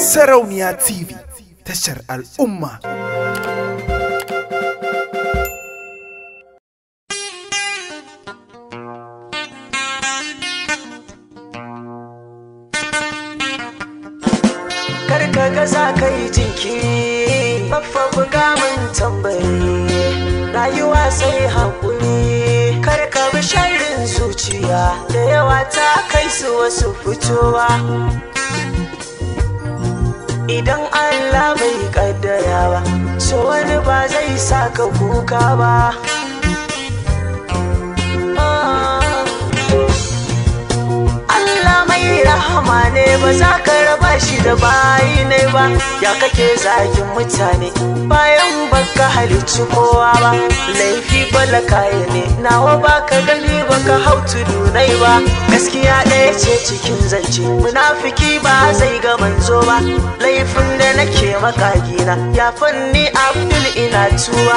Sarauniya TV tashar al'umma. Karka gaza yi jinkiri, baffa buga min tambayi, rayuwa sai haƙuri, karka bi sharrin zuciya, da yawa ta kai su wasu fitowa. idan Allah bai kaddara ba so wani ba zai saka kuka ba ah. Allah mai rahama ne ba za ka ba shi da bayinai ba ya kake zagin mutane bayan baka halicci kowa ba laifi bala kaya ne nawa baka gani baka hau tudunai ba gaskiya ɗaya ce cikin zance munafiki ba zai ga manzo ba laifin da nake gina ya fanni abdul ina tuwa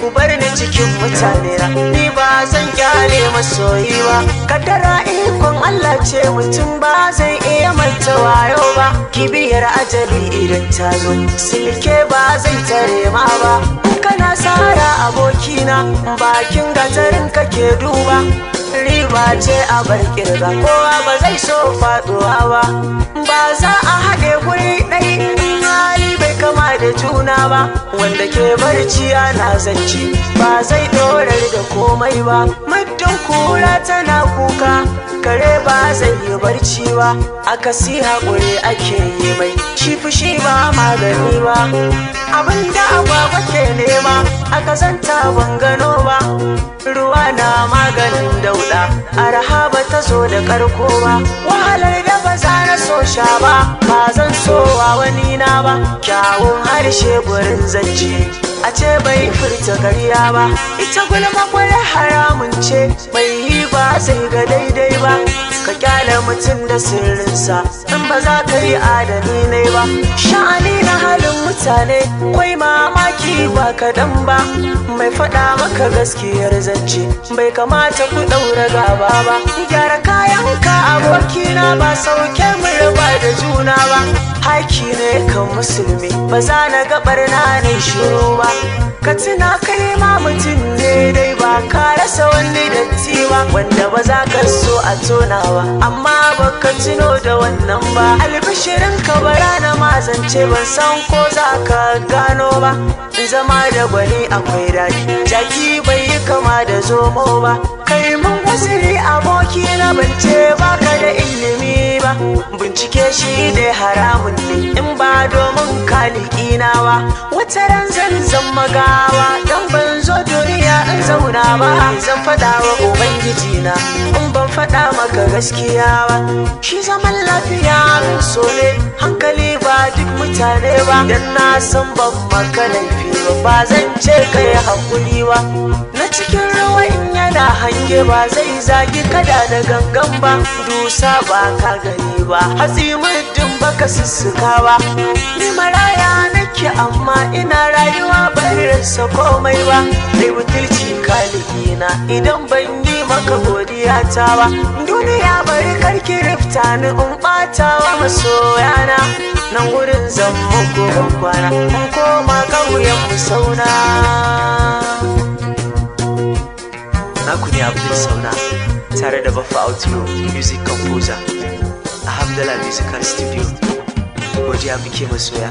ku bar ni cikin mutane na ni ba zan kyale masoyi ba kadara ikon ce mutum ba zai iya manta wayo ba kibiyar ajali idan ta zo silke ba zai tare ma ba kana sara abokina bakin gatarin kake duba riba ce a bar kirga kowa ba zai so faduwa ba ba za a haɗe guri ɗaya na ba wanda ke barci ana zance ba zai dorar da komai ba muddin kura tana kuka kare ba zai yi barci ba Aka si haƙuri ake yi mai shi fushi ba magani ba abinda agwagwa ke nema aka zanta ban gano ba ruwa na maganin dauda arha ba ta zo da karko ba wahalar da ba za na so sha ba ba so sowa wani na ba kyawun harshe gurin zance a ce bai furta karya ba ita gulma kwaya haramun ce bai yi ba sai ga daidai ba ka kyale mutum da sirrinsa in ba za ka yi adani ne ba mutane kwai mamaki ba kaɗan ba mai faɗa maka gaskiyar zance bai kamata ku ɗaura gaba ba gyara kayan aboki abokina ba sauke mu raba da juna ba haki ne kan musulmi ba za na gabar na ne shiru ba ka tuna kai ma mutum ne dai ba ka rasa wani datti ba wanda ba za ka so a tonawa amma ba tuno da wannan ba albishirin ka bara na mazance ban san ko za ka gano ba zama da gwani akwai daɗi jaki bai yi kama da zomo ba kai mun wasiri aboki na bance ka da ilimi ba bincike shi da haramun ne in ba domin kaliki na ba wata ran zan zama gawa dan ban zo duniya in zauna ba zan faɗa wa ubangiji in ban faɗa maka gaskiya ba shi zaman lafiya abin so ne hankali ba duk mutane ba dan na san ban maka laifi ba ba zan ce kai hakuri ba na cikin rawa yana hange ba zai zagi kada da gangan ba dusa ba ka gani ba hatsi muddin baka sussuka ba ni maraya nake amma ina rayuwa sa komai ba sai butulci kalikina idan ban yi maka godiya ta ba duniya bari karki rifta ni in bata wa masoyana nan wurin zan muku ban kwana in koma ƙauyen mu sauna ku ne abdul sauna tare da bafa outlaw music composer a hamdala musical studio godiya muke masoya